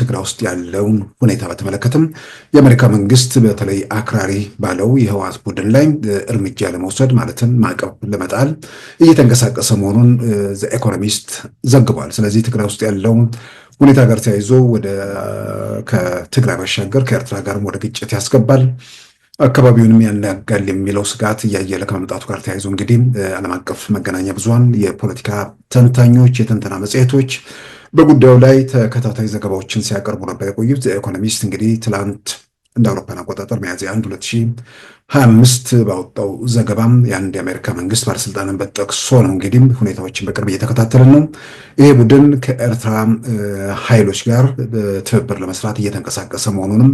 ትግራ ውስጥ ያለውን ሁኔታ በተመለከተም የአሜሪካ መንግስት በተለይ አክራሪ ባለው የህወሓት ቡድን ላይ እርምጃ ለመውሰድ ማለትም ማዕቀብ ለመጣል እየተንቀሳቀሰ መሆኑን ኢኮኖሚስት ዘግቧል። ስለዚህ ትግራ ውስጥ ያለው ሁኔታ ጋር ተያይዞ ወደ ከትግራይ ባሻገር ከኤርትራ ጋር ወደ ግጭት ያስገባል፣ አካባቢውንም ያናጋል የሚለው ስጋት እያየለ ከመምጣቱ ጋር ተያይዞ እንግዲህ ዓለም አቀፍ መገናኛ ብዙሃን፣ የፖለቲካ ተንታኞች፣ የትንተና መጽሔቶች በጉዳዩ ላይ ተከታታይ ዘገባዎችን ሲያቀርቡ ነበር የቆዩት። ኢኮኖሚስት እንግዲህ ትላንት እንደ አውሮፓን አቆጣጠር ሚያዝያ 1 2025 ባወጣው ዘገባም የአንድ የአሜሪካ መንግስት ባለስልጣንን በጠቅሶ ነው እንግዲህ ሁኔታዎችን በቅርብ እየተከታተለን ነው። ይሄ ቡድን ከኤርትራ ኃይሎች ጋር ትብብር ለመስራት እየተንቀሳቀሰ መሆኑንም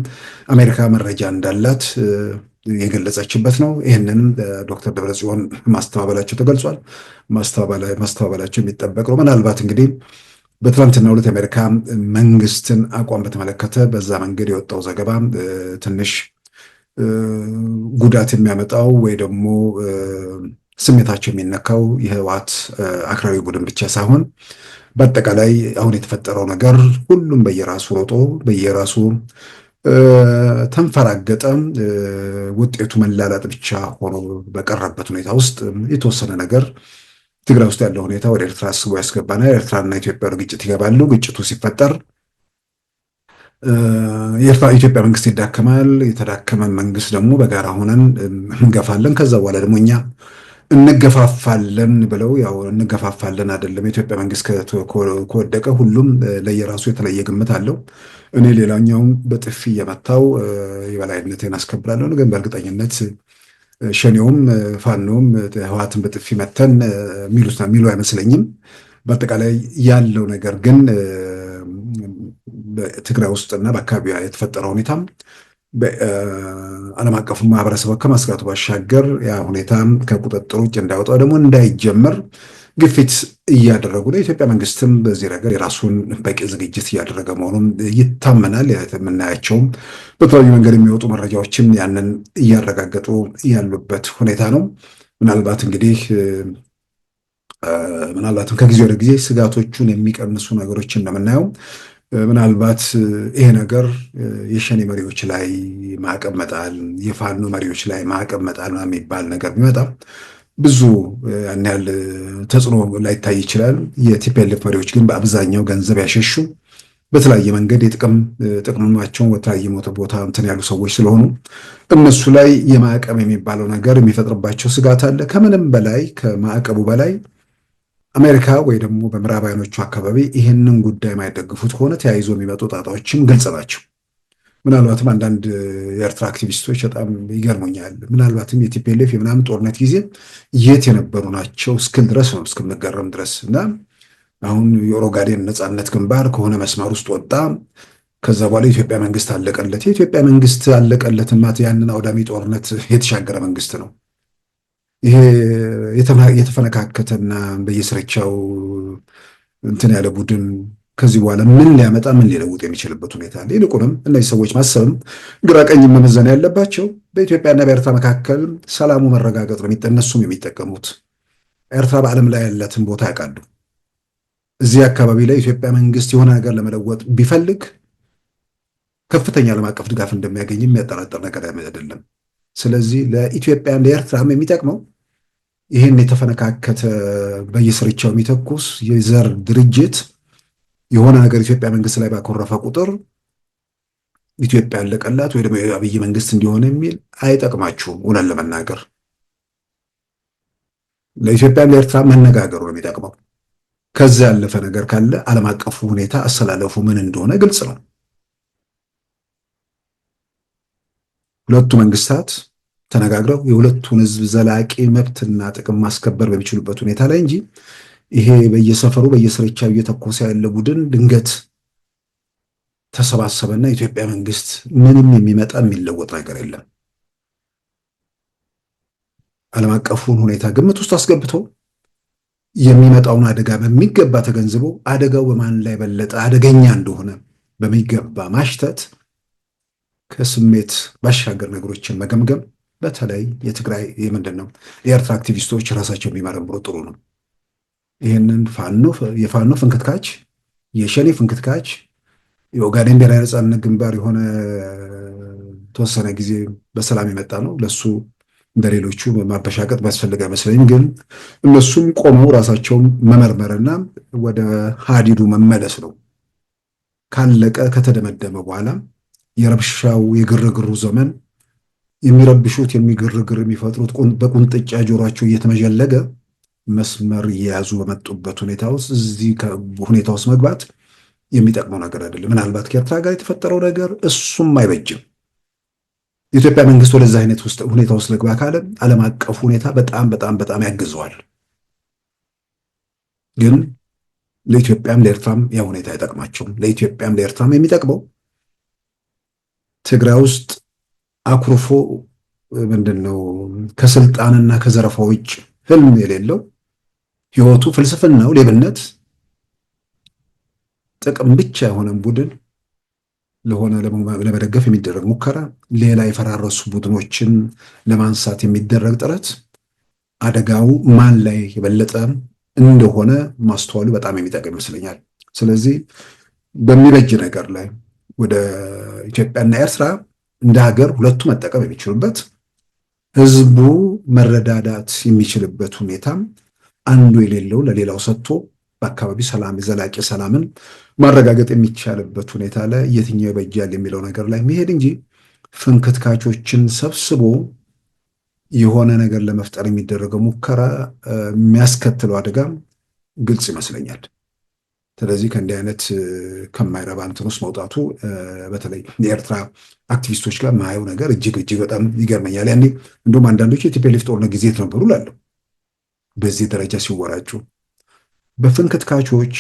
አሜሪካ መረጃ እንዳላት የገለጸችበት ነው። ይህንን ዶክተር ደብረጽዮን ማስተባበላቸው ተገልጿል። ማስተባበላቸው የሚጠበቅ ነው። ምናልባት እንግዲህ በትላንትና ሁለት የአሜሪካ መንግስትን አቋም በተመለከተ በዛ መንገድ የወጣው ዘገባ ትንሽ ጉዳት የሚያመጣው ወይ ደግሞ ስሜታቸው የሚነካው የህወሓት አክራሪ ቡድን ብቻ ሳይሆን በአጠቃላይ አሁን የተፈጠረው ነገር ሁሉም በየራሱ ሮጦ በየራሱ ተንፈራገጠ። ውጤቱ መላላጥ ብቻ ሆኖ በቀረበት ሁኔታ ውስጥ የተወሰነ ነገር ትግራይ ውስጥ ያለው ሁኔታ ወደ ኤርትራ አስቦ ያስገባና ኤርትራና ኢትዮጵያ ግጭት ይገባሉ። ግጭቱ ሲፈጠር የኢትዮጵያ መንግስት ይዳከማል። የተዳከመ መንግስት ደግሞ በጋራ ሆነን እንገፋለን። ከዛ በኋላ ደግሞ እኛ እንገፋፋለን ብለው ያው እንገፋፋለን አይደለም። የኢትዮጵያ መንግስት ከወደቀ ሁሉም ለየራሱ የተለየ ግምት አለው። እኔ ሌላኛውም በጥፊ እየመታው የበላይነቴን አስከብራለሁ ግን በእርግጠኝነት ሸኔውም ፋኖም ህወሓትን በጥፊ መተን የሚሉት የሚሉ አይመስለኝም። በአጠቃላይ ያለው ነገር ግን በትግራይ ውስጥና በአካባቢዋ የተፈጠረ ሁኔታም ዓለም አቀፉ ማህበረሰብ ከማስጋቱ ባሻገር ያ ሁኔታ ከቁጥጥር ውጭ እንዳይወጣ ደግሞ እንዳይጀምር ግፊት እያደረጉ ነው። የኢትዮጵያ መንግስትም በዚህ ነገር የራሱን በቂ ዝግጅት እያደረገ መሆኑን ይታመናል። የምናያቸውም በተለያዩ መንገድ የሚወጡ መረጃዎችም ያንን እያረጋገጡ ያሉበት ሁኔታ ነው። ምናልባት እንግዲህ ምናልባትም ከጊዜ ወደ ጊዜ ስጋቶቹን የሚቀንሱ ነገሮች እንደምናየው ምናልባት ይሄ ነገር የሸኔ መሪዎች ላይ ማዕቀብ መጣል፣ የፋኖ መሪዎች ላይ ማዕቀብ መጣል የሚባል ነገር ቢመጣም ብዙ ያን ያህል ተጽዕኖ ላይታይ ይችላል። የቲፒኤልኤፍ መሪዎች ግን በአብዛኛው ገንዘብ ያሸሹ በተለያየ መንገድ የጥቅም ጥቅምማቸውን በተለያየ ሞተ ቦታ እንትን ያሉ ሰዎች ስለሆኑ እነሱ ላይ የማዕቀብ የሚባለው ነገር የሚፈጥርባቸው ስጋት አለ። ከምንም በላይ ከማዕቀቡ በላይ አሜሪካ ወይ ደግሞ በምዕራባውያኖቹ አካባቢ ይህንን ጉዳይ የማይደግፉት ከሆነ ተያይዞ የሚመጡ ጣጣዎችም ግልጽ ናቸው። ምናልባትም አንዳንድ የኤርትራ አክቲቪስቶች በጣም ይገርሙኛል። ምናልባትም የቲፒኤልኤፍ የምናምን ጦርነት ጊዜ የት የነበሩ ናቸው እስክል ድረስ ነው እስክምንገረም ድረስ እና አሁን የኦሮጋዴን ነፃነት ግንባር ከሆነ መስመር ውስጥ ወጣ። ከዛ በኋላ የኢትዮጵያ መንግስት አለቀለት። የኢትዮጵያ መንግስት አለቀለት ያንን አውዳሚ ጦርነት የተሻገረ መንግስት ነው። ይሄ የተፈነካከተና በየስርቻው እንትን ያለ ቡድን ከዚህ በኋላ ምን ሊያመጣ ምን ሊለውጥ የሚችልበት ሁኔታ አለ። ይልቁንም እነዚህ ሰዎች ማሰብም ቀኝ መመዘን ያለባቸው በኢትዮጵያና በኤርትራ መካከል ሰላሙ መረጋገጥ ነው። እነሱም የሚጠቀሙት ኤርትራ በዓለም ላይ ያለትን ቦታ ያውቃሉ። እዚህ አካባቢ ላይ ኢትዮጵያ መንግስት የሆነ ነገር ለመለወጥ ቢፈልግ ከፍተኛ ዓለም አቀፍ ድጋፍ እንደሚያገኝ የሚያጠራጥር ነገር አይደለም። ስለዚህ ለኢትዮጵያ ለኤርትራም የሚጠቅመው ይህን የተፈነካከተ በየስርቻው የሚተኩስ የዘር ድርጅት የሆነ ሀገር ኢትዮጵያ መንግስት ላይ ባኮረፈ ቁጥር ኢትዮጵያ ያለቀላት ወይ ደግሞ የአብይ መንግስት እንዲሆን የሚል አይጠቅማችሁም። እውነት ለመናገር ለኢትዮጵያም ለኤርትራ መነጋገሩ ነው የሚጠቅመው። ከዚ ያለፈ ነገር ካለ ዓለም አቀፉ ሁኔታ አስተላለፉ ምን እንደሆነ ግልጽ ነው። ሁለቱ መንግስታት ተነጋግረው የሁለቱን ህዝብ ዘላቂ መብትና ጥቅም ማስከበር በሚችሉበት ሁኔታ ላይ እንጂ ይሄ በየሰፈሩ በየስርቻው እየተኮሰ ያለ ቡድን ድንገት ተሰባሰበና ኢትዮጵያ መንግስት ምንም የሚመጣ የሚለወጥ ነገር የለም። ዓለም አቀፉን ሁኔታ ግምት ውስጥ አስገብቶ የሚመጣውን አደጋ በሚገባ ተገንዝቦ አደጋው በማን ላይ በለጠ አደገኛ እንደሆነ በሚገባ ማሽተት ከስሜት ባሻገር ነገሮችን መገምገም በተለይ የትግራይ የምንድን ነው የኤርትራ አክቲቪስቶች ራሳቸው የሚመረምሩ ጥሩ ነው። ይህንን ፋኖ የፋኖ ፍንክትካች የሸኔ ፍንክትካች የኦጋዴን ብሔራዊ ነጻነት ግንባር የሆነ ተወሰነ ጊዜ በሰላም የመጣ ነው። ለሱ እንደሌሎቹ ማበሻቀጥ የሚያስፈልግ አይመስለኝም። ግን እነሱም ቆመው ራሳቸውን መመርመርና ወደ ሀዲዱ መመለስ ነው። ካለቀ ከተደመደመ በኋላ የረብሻው የግርግሩ ዘመን የሚረብሹት የሚግርግር የሚፈጥሩት በቁንጥጫ ጆሯቸው እየተመዠለገ መስመር እየያዙ በመጡበት ሁኔታ ውስጥ እዚህ ሁኔታ ውስጥ መግባት የሚጠቅመው ነገር አይደለም። ምናልባት ከኤርትራ ጋር የተፈጠረው ነገር እሱም አይበጅም። የኢትዮጵያ መንግስት ወደዚህ አይነት ሁኔታ ውስጥ ልግባ ካለ ዓለም አቀፉ ሁኔታ በጣም በጣም በጣም ያግዘዋል። ግን ለኢትዮጵያም ለኤርትራም ያ ሁኔታ አይጠቅማቸውም። ለኢትዮጵያም ለኤርትራም የሚጠቅመው ትግራይ ውስጥ አኩርፎ ምንድን ነው ከስልጣንና ከዘረፋ ውጭ ህልም የሌለው ህይወቱ ፍልስፍናው ሌብነት፣ ጥቅም ብቻ የሆነን ቡድን ለሆነ ለመደገፍ የሚደረግ ሙከራ፣ ሌላ የፈራረሱ ቡድኖችን ለማንሳት የሚደረግ ጥረት አደጋው ማን ላይ የበለጠ እንደሆነ ማስተዋሉ በጣም የሚጠቅም ይመስለኛል። ስለዚህ በሚበጅ ነገር ላይ ወደ ኢትዮጵያና ኤርትራ እንደ ሀገር ሁለቱ መጠቀም የሚችሉበት ህዝቡ መረዳዳት የሚችልበት ሁኔታም አንዱ የሌለው ለሌላው ሰጥቶ በአካባቢ ሰላም የዘላቂ ሰላምን ማረጋገጥ የሚቻልበት ሁኔታ ላይ የትኛው ይበጃል የሚለው ነገር ላይ መሄድ እንጂ ፍንክትካቾችን ሰብስቦ የሆነ ነገር ለመፍጠር የሚደረገው ሙከራ የሚያስከትለው አደጋ ግልጽ ይመስለኛል። ስለዚህ ከእንዲህ አይነት ከማይረባ እንትን ውስጥ መውጣቱ በተለይ የኤርትራ አክቲቪስቶች ጋር ማየው ነገር እጅግ እጅግ በጣም ይገርመኛል። ያኔ እንደውም አንዳንዶች የኢትዮጵያ ሊፍ ጦርነት ጊዜ ነበሩ ላለሁ በዚህ ደረጃ ሲወራጩ በፍንክትካቾች፣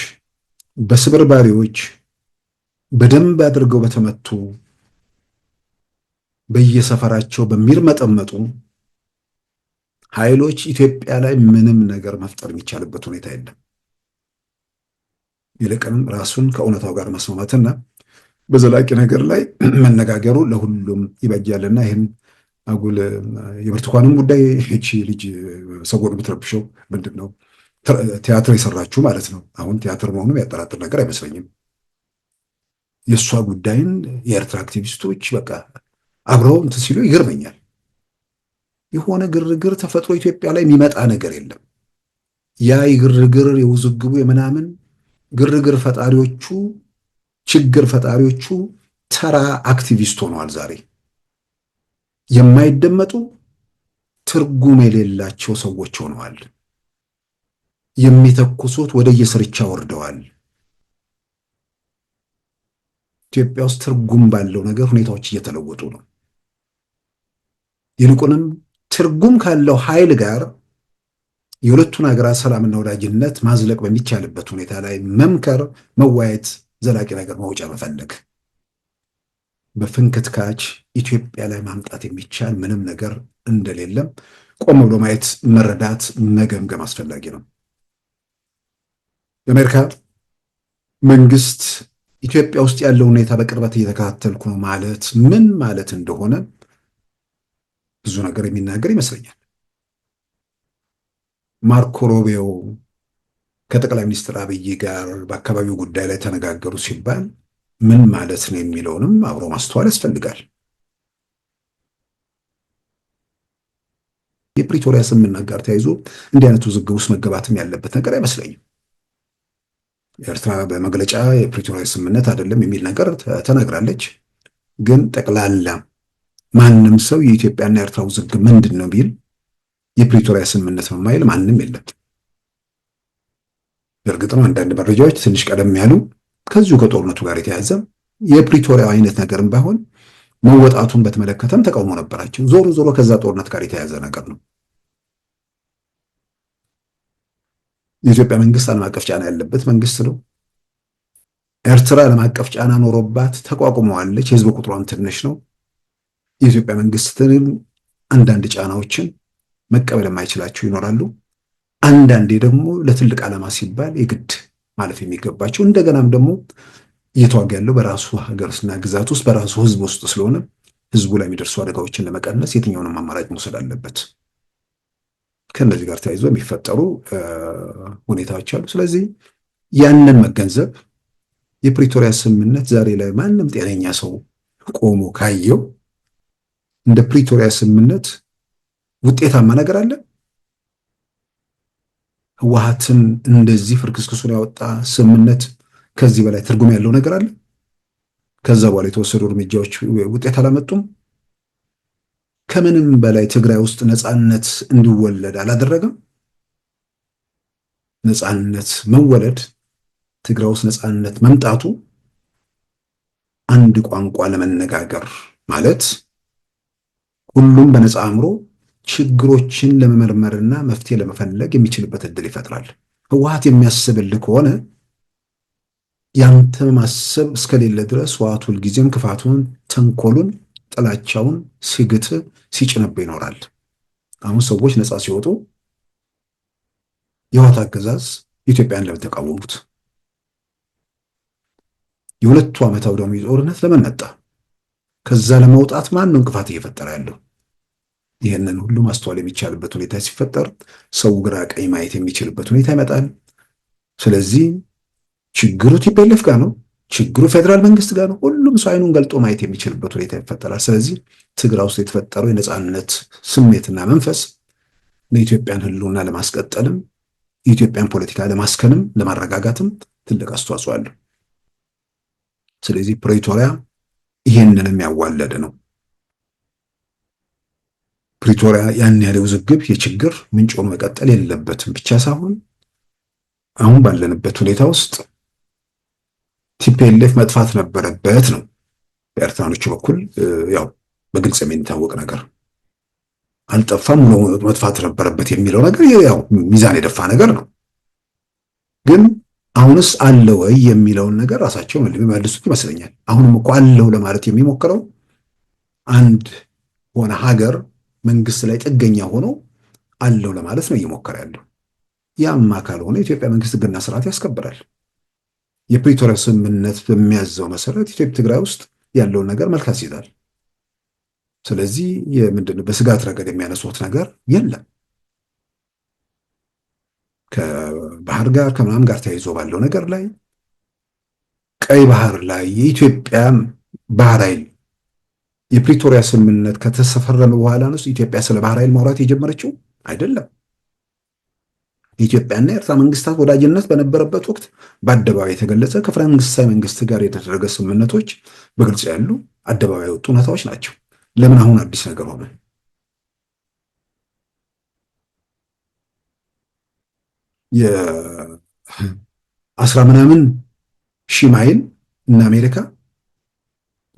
በስብርባሪዎች በደንብ አድርገው በተመቱ በየሰፈራቸው በሚርመጠመጡ ኃይሎች ኢትዮጵያ ላይ ምንም ነገር መፍጠር የሚቻልበት ሁኔታ የለም። ይልቅንም ራሱን ከእውነታው ጋር መስማማትና በዘላቂ ነገር ላይ መነጋገሩ ለሁሉም ይበጃልና ይህን አጉል የብርቱካንም ጉዳይ እቺ ልጅ ሰጎን የምትረብሸው ምንድን ነው? ቲያትር የሰራችሁ ማለት ነው። አሁን ቲያትር መሆኑም ያጠራጥር ነገር አይመስለኝም። የእሷ ጉዳይን የኤርትራ አክቲቪስቶች በቃ አብረው እንትን ሲሉ ይገርመኛል። የሆነ ግርግር ተፈጥሮ ኢትዮጵያ ላይ የሚመጣ ነገር የለም። ያ የግርግር የውዝግቡ የምናምን ግርግር ፈጣሪዎቹ ችግር ፈጣሪዎቹ ተራ አክቲቪስት ሆነዋል ዛሬ የማይደመጡ ትርጉም የሌላቸው ሰዎች ሆነዋል። የሚተኩሱት ወደ የስርቻ ወርደዋል። ኢትዮጵያ ውስጥ ትርጉም ባለው ነገር ሁኔታዎች እየተለወጡ ነው። ይልቁንም ትርጉም ካለው ኃይል ጋር የሁለቱን ሀገራት ሰላምና ወዳጅነት ማዝለቅ በሚቻልበት ሁኔታ ላይ መምከር፣ መዋየት፣ ዘላቂ ነገር መውጫ መፈለግ በፍንክትካች ኢትዮጵያ ላይ ማምጣት የሚቻል ምንም ነገር እንደሌለም ቆም ብሎ ማየት፣ መረዳት፣ መገምገም አስፈላጊ ነው። የአሜሪካ መንግስት ኢትዮጵያ ውስጥ ያለው ሁኔታ በቅርበት እየተከታተልኩ ነው ማለት ምን ማለት እንደሆነ ብዙ ነገር የሚናገር ይመስለኛል። ማርኮ ሮቢዮ ከጠቅላይ ሚኒስትር አብይ ጋር በአካባቢው ጉዳይ ላይ ተነጋገሩ ሲባል ምን ማለት ነው የሚለውንም አብሮ ማስተዋል ያስፈልጋል። የፕሪቶሪያ ስምምነት ጋር ተያይዞ እንዲህ አይነት ውዝግብ ውስጥ መገባትም ያለበት ነገር አይመስለኝም። ኤርትራ በመግለጫ የፕሪቶሪያ ስምምነት አይደለም የሚል ነገር ተናግራለች። ግን ጠቅላላ ማንም ሰው የኢትዮጵያና ኤርትራ ውዝግብ ምንድን ነው ቢል የፕሪቶሪያ ስምምነት መማይል ማንም የለም። በእርግጥ ነው አንዳንድ መረጃዎች ትንሽ ቀደም ያሉ ከዚሁ ከጦርነቱ ጋር የተያዘ የፕሪቶሪያ አይነት ነገርም ባይሆን መወጣቱን በተመለከተም ተቃውሞ ነበራቸው። ዞሮ ዞሮ ከዛ ጦርነት ጋር የተያዘ ነገር ነው። የኢትዮጵያ መንግስት ዓለም አቀፍ ጫና ያለበት መንግስት ነው። ኤርትራ ዓለም አቀፍ ጫና ኖሮባት ተቋቁመዋለች። የህዝብ ቁጥሯም ትንሽ ነው። የኢትዮጵያ መንግስትንም አንዳንድ ጫናዎችን መቀበል የማይችላቸው ይኖራሉ። አንዳንዴ ደግሞ ለትልቅ ዓላማ ሲባል የግድ ማለፍ የሚገባቸው እንደገናም ደግሞ እየተዋጋ ያለው በራሱ ሀገርና ግዛት ውስጥ በራሱ ህዝብ ውስጥ ስለሆነ ህዝቡ ላይ የሚደርሱ አደጋዎችን ለመቀነስ የትኛውንም አማራጭ መውሰድ አለበት። ከእነዚህ ጋር ተያይዞ የሚፈጠሩ ሁኔታዎች አሉ። ስለዚህ ያንን መገንዘብ የፕሪቶሪያ ስምምነት ዛሬ ላይ ማንም ጤነኛ ሰው ቆሞ ካየው እንደ ፕሪቶሪያ ስምምነት ውጤታማ ነገር አለ ህወሀትን እንደዚህ ፍርክስክሱን ያወጣ ስምምነት ከዚህ በላይ ትርጉም ያለው ነገር አለ? ከዛ በኋላ የተወሰዱ እርምጃዎች ውጤት አላመጡም። ከምንም በላይ ትግራይ ውስጥ ነፃነት እንዲወለድ አላደረገም። ነፃነት መወለድ ትግራይ ውስጥ ነፃነት መምጣቱ አንድ ቋንቋ ለመነጋገር ማለት ሁሉም በነፃ አእምሮ ችግሮችን ለመመርመርና መፍትሄ ለመፈለግ የሚችልበት እድል ይፈጥራል። ህወሀት የሚያስብልህ ከሆነ ያንተ ማሰብ እስከሌለ ድረስ ህወሓት ሁልጊዜም ክፋቱን፣ ተንኮሉን፣ ጥላቻውን ሲግት ሲጭነብ ይኖራል። አሁን ሰዎች ነፃ ሲወጡ የህወሓት አገዛዝ ኢትዮጵያን ለምን ተቃወሙት? የሁለቱ ዓመት አውዳሚ ጦርነት ለምን መጣ? ከዛ ለመውጣት ማን ነው እንቅፋት እየፈጠረ ያለው? ይህንን ሁሉ ማስተዋል የሚቻልበት ሁኔታ ሲፈጠር ሰው ግራ ቀኝ ማየት የሚችልበት ሁኔታ ይመጣል። ስለዚህ ችግሩ ቲፒኤልኤፍ ጋር ነው፣ ችግሩ ፌዴራል መንግስት ጋር ነው። ሁሉም ሰው አይኑን ገልጦ ማየት የሚችልበት ሁኔታ ይፈጠራል። ስለዚህ ትግራይ ውስጥ የተፈጠረው የነፃነት ስሜትና መንፈስ ለኢትዮጵያን ህልውና ለማስቀጠልም የኢትዮጵያን ፖለቲካ ለማስከንም ለማረጋጋትም ትልቅ አስተዋጽኦ አለው። ስለዚህ ፕሬቶሪያ ይህንንም ያዋለደ ነው። ፕሪቶሪያ ያን ያለ ውዝግብ የችግር ምንጭ መቀጠል የለበትም ብቻ ሳይሆን አሁን ባለንበት ሁኔታ ውስጥ ቲፒኤልኤፍ መጥፋት ነበረበት ነው በኤርትራኖቹ በኩል ያው በግልጽ የሚታወቅ ነገር አልጠፋም መጥፋት ነበረበት የሚለው ነገር ያው ሚዛን የደፋ ነገር ነው። ግን አሁንስ አለ ወይ የሚለውን ነገር ራሳቸው መልሱት ይመስለኛል። አሁንም እኮ አለው ለማለት የሚሞክረው አንድ ሆነ ሀገር መንግስት ላይ ጥገኛ ሆኖ አለው ለማለት ነው እየሞከረ ያለው። ያማ ካልሆነ የኢትዮጵያ መንግስት ህግና ስርዓት ያስከብራል። የፕሪቶሪያ ስምምነት በሚያዘው መሰረት ኢትዮጵያ ትግራይ ውስጥ ያለውን ነገር መልካስ ይዛል። ስለዚህ ምንድነው በስጋት ረገድ የሚያነሱት ነገር የለም። ከባህር ጋር ከምናም ጋር ተያይዞ ባለው ነገር ላይ ቀይ ባህር ላይ የኢትዮጵያ ባህር ኃይል የፕሪቶሪያ ስምምነት ከተሰፈረመ በኋላ ነው ኢትዮጵያ ስለ ባህር ኃይል ማውራት የጀመረችው አይደለም። የኢትዮጵያና የኤርትራ መንግስታት ወዳጅነት በነበረበት ወቅት በአደባባይ የተገለጸ ከፈረንሳይ መንግስት ጋር የተደረገ ስምምነቶች በግልጽ ያሉ አደባባይ የወጡ እውነታዎች ናቸው። ለምን አሁን አዲስ ነገር ሆነ? የአስራ ምናምን ሺህ ማይል እነ አሜሪካ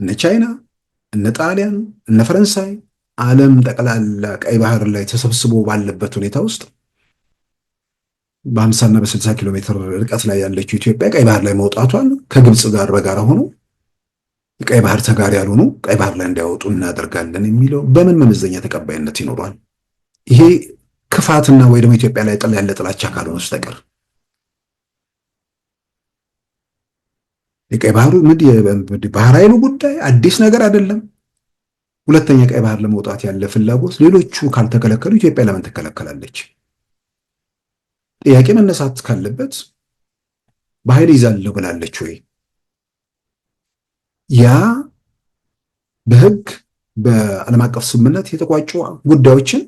እነ ቻይና እነ ጣሊያን እነ ፈረንሳይ ዓለም ጠቅላላ ቀይ ባህር ላይ ተሰብስቦ ባለበት ሁኔታ ውስጥ በአምሳና በስልሳ ኪሎ ሜትር ርቀት ላይ ያለችው ኢትዮጵያ ቀይ ባህር ላይ መውጣቷን ከግብፅ ጋር በጋራ ሆኖ ቀይ ባህር ተጋሪ ያልሆኑ ቀይ ባህር ላይ እንዲያወጡ እናደርጋለን የሚለው በምን መመዘኛ ተቀባይነት ይኖሯል? ይሄ ክፋትና ወይ ደግሞ ኢትዮጵያ ላይ ጥላ ያለ ጥላቻ ካልሆነ በስተቀር የቀይ ባህሩ ባህር ጉዳይ አዲስ ነገር አይደለም። ሁለተኛ ቀይ ባህር ለመውጣት ያለ ፍላጎት ሌሎቹ ካልተከለከሉ ኢትዮጵያ ለምን ትከለከላለች? ጥያቄ መነሳት ካለበት በኃይል ይዛለሁ ብላለች ወይ? ያ በህግ በዓለም አቀፍ ስምምነት የተቋጩ ጉዳዮችን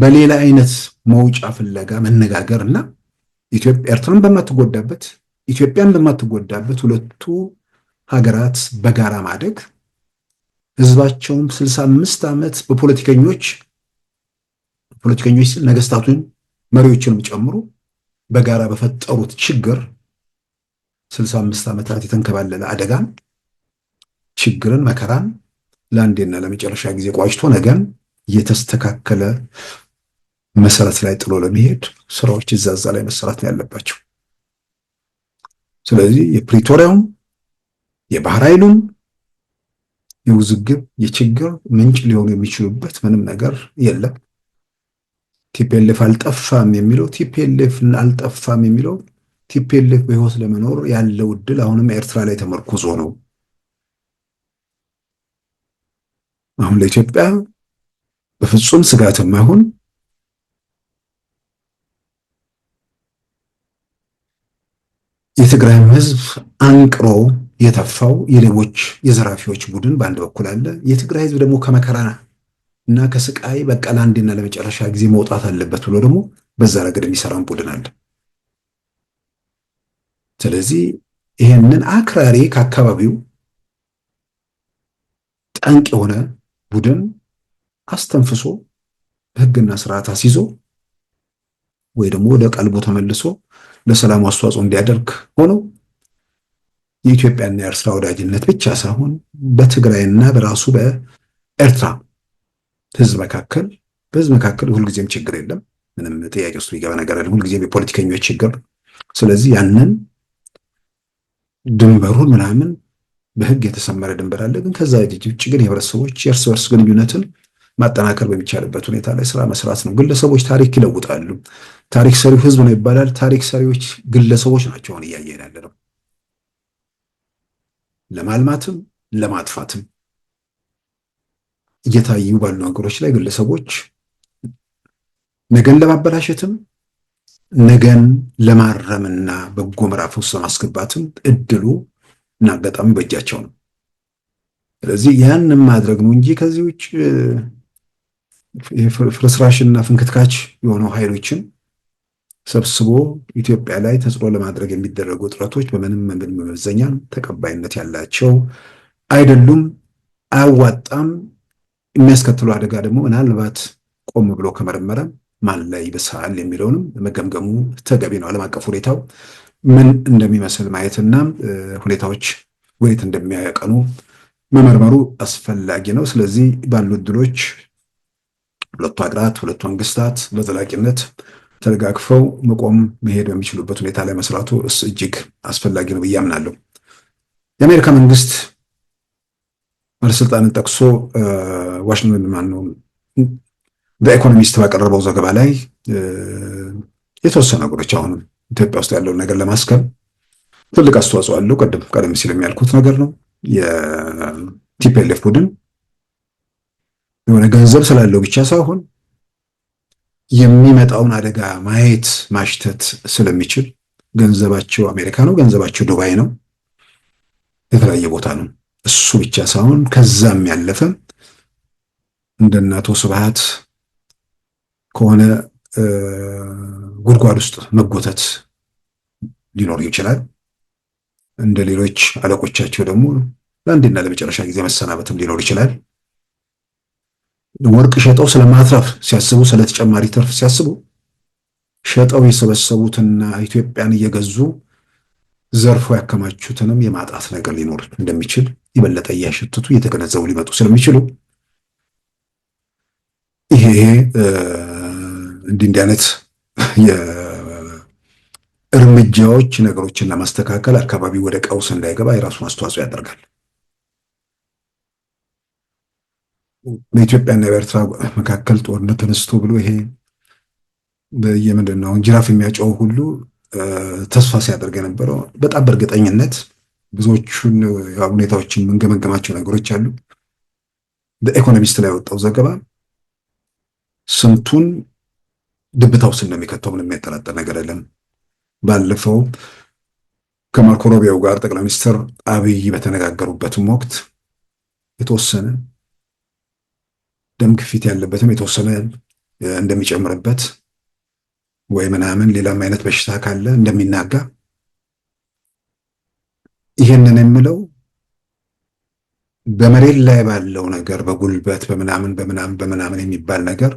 በሌላ አይነት መውጫ ፍለጋ መነጋገር እና ኢትዮጵያ ኤርትራን በማትጎዳበት ኢትዮጵያን በማትጎዳበት ሁለቱ ሀገራት በጋራ ማደግ ህዝባቸውም ስልሳ አምስት ዓመት በፖለቲከኞች ፖለቲከኞች ነገስታቱን መሪዎችንም ጨምሮ በጋራ በፈጠሩት ችግር ስልሳ አምስት ዓመታት የተንከባለለ አደጋን፣ ችግርን፣ መከራን ለአንዴና ለመጨረሻ ጊዜ ቋጭቶ ነገን የተስተካከለ መሰረት ላይ ጥሎ ለመሄድ ስራዎች እዛዛ ላይ መሰራት ነው ያለባቸው። ስለዚህ የፕሪቶሪያውም የባህር ኃይሉም የውዝግብ የችግር ምንጭ ሊሆኑ የሚችሉበት ምንም ነገር የለም። ቲፒኤልኤፍ አልጠፋም የሚለው ቲፒኤልኤፍ አልጠፋም የሚለው ቲፒኤልኤፍ በህይወት ለመኖር ያለው እድል አሁንም ኤርትራ ላይ ተመርኩዞ ነው። አሁን ለኢትዮጵያ በፍጹም ስጋትም አይሆን የትግራይም ህዝብ አንቅሮ የተፋው የሌቦች የዘራፊዎች ቡድን በአንድ በኩል አለ። የትግራይ ህዝብ ደግሞ ከመከራ እና ከስቃይ በቃ ለአንዴና ለመጨረሻ ጊዜ መውጣት አለበት ብሎ ደግሞ በዛ ረገድ የሚሰራን ቡድን አለ። ስለዚህ ይህንን አክራሪ ከአካባቢው ጠንቅ የሆነ ቡድን አስተንፍሶ ህግና ስርዓት አስይዞ ወይ ደግሞ ወደ ቀልቦ ተመልሶ ለሰላም አስተዋጽኦ እንዲያደርግ ሆነው የኢትዮጵያና የኤርትራ ወዳጅነት ብቻ ሳይሆን በትግራይና በራሱ በኤርትራ ህዝብ መካከል በህዝብ መካከል ሁልጊዜም ችግር የለም። ምንም ጥያቄ ውስጥ የሚገባ ነገር አለ። ሁልጊዜም የፖለቲከኞች ችግር። ስለዚህ ያንን ድንበሩን ምናምን በህግ የተሰመረ ድንበር አለ። ግን ከዛ ውጭ ግን የህብረተሰቦች የእርስ በርስ ግንኙነትን ማጠናከር በሚቻልበት ሁኔታ ላይ ስራ መስራት ነው። ግለሰቦች ታሪክ ይለውጣሉ። ታሪክ ሰሪው ህዝብ ነው ይባላል። ታሪክ ሰሪዎች ግለሰቦች ናቸው። አሁን እያየን ያለ ነው። ለማልማትም ለማጥፋትም እየታዩ ባሉ ነገሮች ላይ ግለሰቦች ነገን ለማበላሸትም ነገን ለማረምና በጎ ምዕራፍ ውስጥ ለማስገባትም እድሉ እና አጋጣሚ በእጃቸው ነው። ስለዚህ ያንን ማድረግ ነው እንጂ ከዚህ ውጭ ፍርስራሽና ፍንክትካች የሆኑ ኃይሎችን ሰብስቦ ኢትዮጵያ ላይ ተጽዕኖ ለማድረግ የሚደረጉ ጥረቶች በምንም መንገድ መመዘኛ ተቀባይነት ያላቸው አይደሉም፣ አያዋጣም። የሚያስከትለው አደጋ ደግሞ ምናልባት ቆም ብሎ ከመረመረ ማን ላይ ይብሳል የሚለውንም መገምገሙ ተገቢ ነው። ዓለም አቀፍ ሁኔታው ምን እንደሚመስል ማየትና ሁኔታዎች ወዴት እንደሚያቀኑ መመርመሩ አስፈላጊ ነው። ስለዚህ ባሉ እድሎች ሁለቱ ሀገራት ሁለቱ መንግስታት በዘላቂነት ተደጋግፈው መቆም መሄድ በሚችሉበት ሁኔታ ላይ መስራቱ እስ እጅግ አስፈላጊ ነው ብዬ አምናለሁ። የአሜሪካ መንግስት ባለስልጣንን ጠቅሶ ዋሽንግተን ማነው በኢኮኖሚስት ባቀረበው ዘገባ ላይ የተወሰኑ ነገሮች አሁንም ኢትዮጵያ ውስጥ ያለውን ነገር ለማስከም ትልቅ አስተዋጽኦ አለው። ቀደም ቀደም ሲል የሚያልኩት ነገር ነው። የቲፒኤልኤፍ ቡድን የሆነ ገንዘብ ስላለው ብቻ ሳይሆን የሚመጣውን አደጋ ማየት ማሽተት ስለሚችል ገንዘባቸው አሜሪካ ነው፣ ገንዘባቸው ዱባይ ነው፣ የተለያየ ቦታ ነው። እሱ ብቻ ሳይሆን ከዛም ያለፈ እንደ እናቶ ስብሃት ከሆነ ጉድጓድ ውስጥ መጎተት ሊኖር ይችላል። እንደ ሌሎች አለቆቻቸው ደግሞ ለአንዴና ለመጨረሻ ጊዜ መሰናበትም ሊኖር ይችላል። ወርቅ ሸጠው ስለማትረፍ ሲያስቡ፣ ስለ ተጨማሪ ትርፍ ሲያስቡ ሸጠው የሰበሰቡትና ኢትዮጵያን እየገዙ ዘርፎ ያከማቹትንም የማጣት ነገር ሊኖር እንደሚችል የበለጠ እያሸትቱ እየተገነዘቡ ሊመጡ ስለሚችሉ ይሄ እንዲህ እንዲህ አይነት እርምጃዎች ነገሮችን ለማስተካከል አካባቢ ወደ ቀውስ እንዳይገባ የራሱን አስተዋጽኦ ያደርጋል። በኢትዮጵያና በኤርትራ መካከል ጦርነት ተነስቶ ብሎ ይሄ በየምንድን ነው ጅራፍ የሚያጨው ሁሉ ተስፋ ሲያደርግ የነበረው በጣም በእርግጠኝነት ብዙዎቹን ሁኔታዎችን የምንገመገማቸው ነገሮች አሉ። በኢኮኖሚስት ላይ ወጣው ዘገባ ስንቱን ድብታው ውስጥ እንደሚከተው ምንም ነገር የለም። ባለፈው ከማርኮ ጋር ጠቅላይ ሚኒስትር አብይ በተነጋገሩበትም ወቅት የተወሰነ ደም ግፊት ያለበትም የተወሰነ እንደሚጨምርበት ወይ ምናምን ሌላም አይነት በሽታ ካለ እንደሚናጋ ይህንን የምለው በመሬት ላይ ባለው ነገር በጉልበት በምናምን በምናምን በምናምን የሚባል ነገር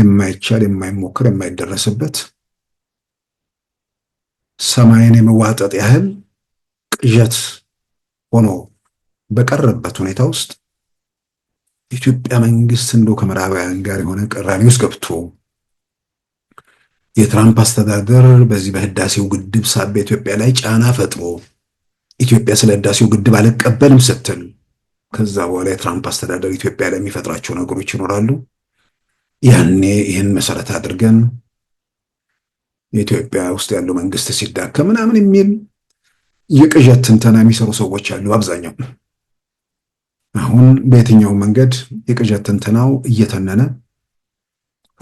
የማይቻል የማይሞክር የማይደረስበት ሰማይን የመዋጠጥ ያህል ቅዠት ሆኖ በቀረበት ሁኔታ ውስጥ የኢትዮጵያ መንግስት እንዶ ከምዕራባውያን ጋር የሆነ ቅራኔ ውስጥ ገብቶ የትራምፕ አስተዳደር በዚህ በህዳሴው ግድብ ሳቢያ ኢትዮጵያ ላይ ጫና ፈጥሮ ኢትዮጵያ ስለ ህዳሴው ግድብ አልቀበልም ስትል ከዛ በኋላ የትራምፕ አስተዳደር ኢትዮጵያ ላይ የሚፈጥራቸው ነገሮች ይኖራሉ። ያኔ ይህን መሰረት አድርገን የኢትዮጵያ ውስጥ ያለው መንግስት ሲዳከም ምናምን የሚል የቅዠት ትንተና የሚሰሩ ሰዎች አሉ አብዛኛው አሁን በየትኛው መንገድ የቅዠት ትንተናው እየተነነ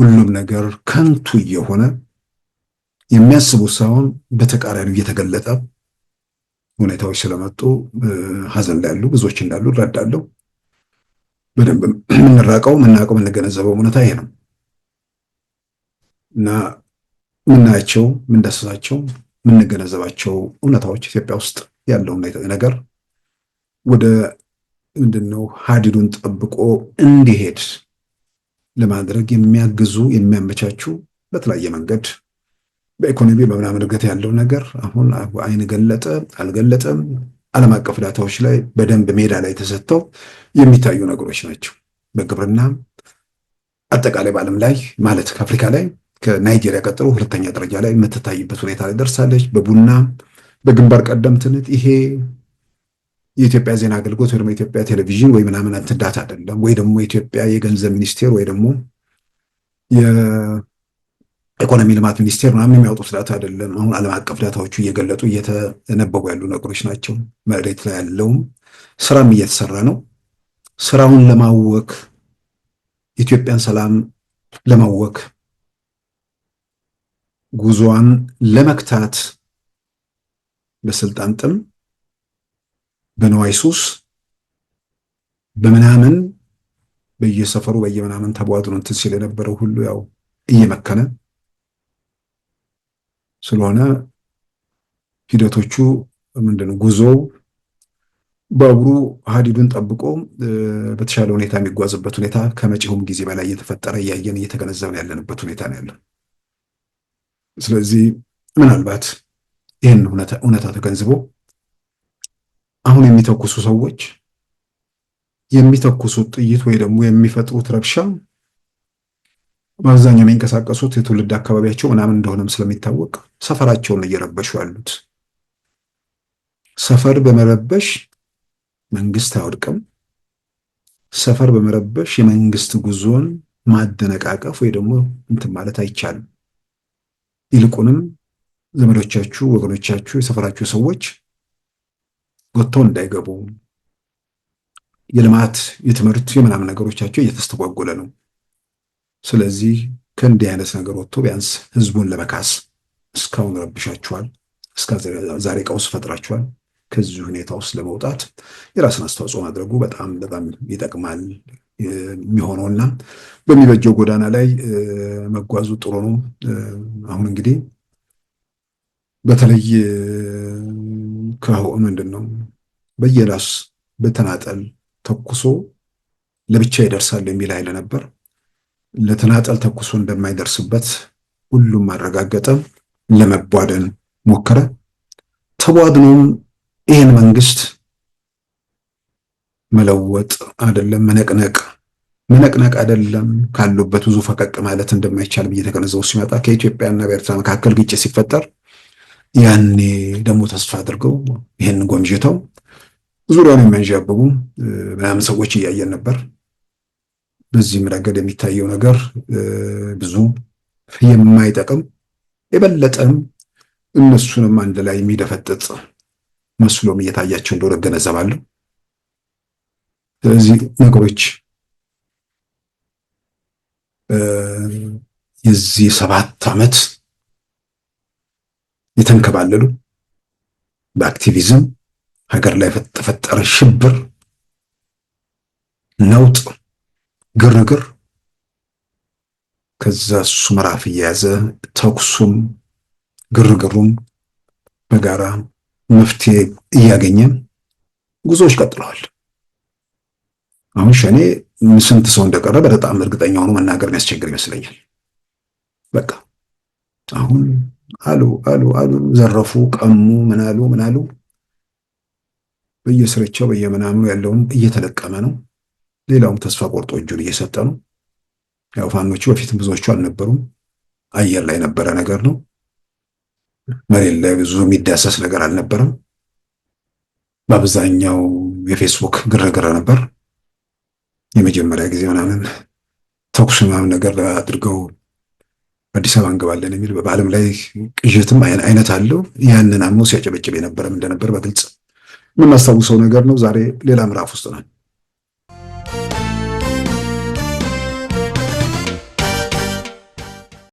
ሁሉም ነገር ከንቱ እየሆነ የሚያስቡት ሳይሆን በተቃራኒ እየተገለጠ ሁኔታዎች ስለመጡ ሀዘን ላይ ያሉ ብዙዎች እንዳሉ እረዳለሁ። በደንብ የምንራቀው የምናውቀው የምንገነዘበው እውነታ ይሄ ነው እና የምናያቸው የምንዳስሳቸው የምንገነዘባቸው እውነታዎች ኢትዮጵያ ውስጥ ያለውን ነገር ወደ ምንድነው ሀዲዱን ጠብቆ እንዲሄድ ለማድረግ የሚያግዙ የሚያመቻቹ በተለያየ መንገድ በኢኮኖሚ በምናምን እድገት ያለው ነገር አሁን አይን ገለጠ አልገለጠም ዓለም አቀፍ ዳታዎች ላይ በደንብ ሜዳ ላይ ተሰጥተው የሚታዩ ነገሮች ናቸው። በግብርና አጠቃላይ በዓለም ላይ ማለት ከአፍሪካ ላይ ከናይጄሪያ ቀጥሎ ሁለተኛ ደረጃ ላይ የምትታይበት ሁኔታ ላይ ደርሳለች። በቡና በግንባር ቀደምትነት ይሄ የኢትዮጵያ ዜና አገልግሎት ወይ ደግሞ የኢትዮጵያ ቴሌቪዥን ወይ ምናምን እንዳት አይደለም ወይ ደግሞ የኢትዮጵያ የገንዘብ ሚኒስቴር ወይ ደግሞ የኢኮኖሚ ልማት ሚኒስቴር ምናምን የሚያወጡት ዳታ አይደለም። አሁን ዓለም አቀፍ ዳታዎቹ እየገለጡ እየተነበቡ ያሉ ነገሮች ናቸው። መሬት ላይ ያለውም ስራም እየተሰራ ነው። ስራውን ለማወክ ኢትዮጵያን ሰላም ለማወክ ጉዞዋን ለመክታት በስልጣን ጥም በነዋይ ሱስ በምናምን በየሰፈሩ በየምናምን ተቧድኖ እንትን ሲል የነበረው ሁሉ ያው እየመከነ ስለሆነ ሂደቶቹ ምንድን ነው ጉዞው ባቡሩ ሀዲዱን ጠብቆ በተሻለ ሁኔታ የሚጓዝበት ሁኔታ ከመጪውም ጊዜ በላይ እየተፈጠረ እያየን እየተገነዘብን ያለንበት ሁኔታ ነው ያለን። ስለዚህ ምናልባት ይህን እውነታ ተገንዝቦ አሁን የሚተኩሱ ሰዎች የሚተኩሱት ጥይት ወይ ደግሞ የሚፈጥሩት ረብሻ በአብዛኛው የሚንቀሳቀሱት የትውልድ አካባቢያቸው ምናምን እንደሆነም ስለሚታወቅ ሰፈራቸውን እየረበሹ ያሉት ሰፈር በመረበሽ መንግስት አያወድቅም። ሰፈር በመረበሽ የመንግስት ጉዞን ማደነቃቀፍ ወይ ደግሞ እንትን ማለት አይቻልም። ይልቁንም ዘመዶቻችሁ፣ ወገኖቻችሁ፣ የሰፈራችሁ ሰዎች ወጥተው እንዳይገቡ የልማት የትምህርት የምናምን ነገሮቻቸው እየተስተጓጎለ ነው። ስለዚህ ከእንዲህ አይነት ነገር ወጥቶ ቢያንስ ህዝቡን ለመካስ እስካሁን ረብሻችኋል፣ እስከ ዛሬ ቀውስ ፈጥራችኋል። ከዚህ ሁኔታ ውስጥ ለመውጣት የራስን አስተዋጽኦ ማድረጉ በጣም በጣም ይጠቅማል የሚሆነውና በሚበጀው ጎዳና ላይ መጓዙ ጥሩ ነው። አሁን እንግዲህ በተለይ ምንድን ነው በየራስ በተናጠል ተኩሶ ለብቻ ይደርሳል የሚል ኃይል ነበር። ለተናጠል ተኩሶ እንደማይደርስበት ሁሉም አረጋገጠ። ለመቧደን ሞከረ። ተቧድኖም ይህን መንግስት መለወጥ አይደለም መነቅነቅ መነቅነቅ አይደለም ካሉበት ብዙ ፈቀቅ ማለት እንደማይቻል እየተገነዘቡ ሲመጣ ከኢትዮጵያና በኤርትራ መካከል ግጭት ሲፈጠር ያኔ ደግሞ ተስፋ አድርገው ይህን ጎምጅተው ዙሪያውን የሚያንዣብቡ ምናምን ሰዎች እያየን ነበር። በዚህም ረገድ የሚታየው ነገር ብዙ የማይጠቅም የበለጠም እነሱንም አንድ ላይ የሚደፈጥጥ መስሎም እየታያቸው እንደሆነ እገነዘባለሁ። ስለዚህ ነገሮች የዚህ ሰባት ዓመት የተንከባለሉ በአክቲቪዝም ሀገር ላይ ተፈጠረ ሽብር፣ ነውጥ፣ ግርግር ከዛ እሱ ምዕራፍ እየያዘ ተኩሱም ግርግሩም በጋራ መፍትሄ እያገኘ ጉዞዎች ቀጥለዋል። አሁን ሸኔ ስንት ሰው እንደቀረ በጣም እርግጠኛ ሆኖ መናገር የሚያስቸግር ይመስለኛል። በቃ አሁን አሉ አሉ አሉ፣ ዘረፉ፣ ቀሙ፣ ምናሉ ምናሉ በየስርቻው በየምናምኑ ያለውን እየተለቀመ ነው። ሌላውም ተስፋ ቆርጦ እጁን እየሰጠ ነው። ያው ፋኖቹ በፊትም ብዙዎቹ አልነበሩም። አየር ላይ ነበረ ነገር ነው። መሬት ላይ ብዙ የሚዳሰስ ነገር አልነበረም። በአብዛኛው የፌስቡክ ግርግር ነበር። የመጀመሪያ ጊዜ ምናምን ተኩስ ምናምን ነገር አድርገው አዲስ አበባ እንገባለን የሚል በዓለም ላይ ቅዥትም አይነት አለው። ያንን አምኖ ሲያጨበጭብ የነበረም እንደነበር በግልጽ የምናስታውሰው ነገር ነው። ዛሬ ሌላ ምዕራፍ ውስጥ ነን።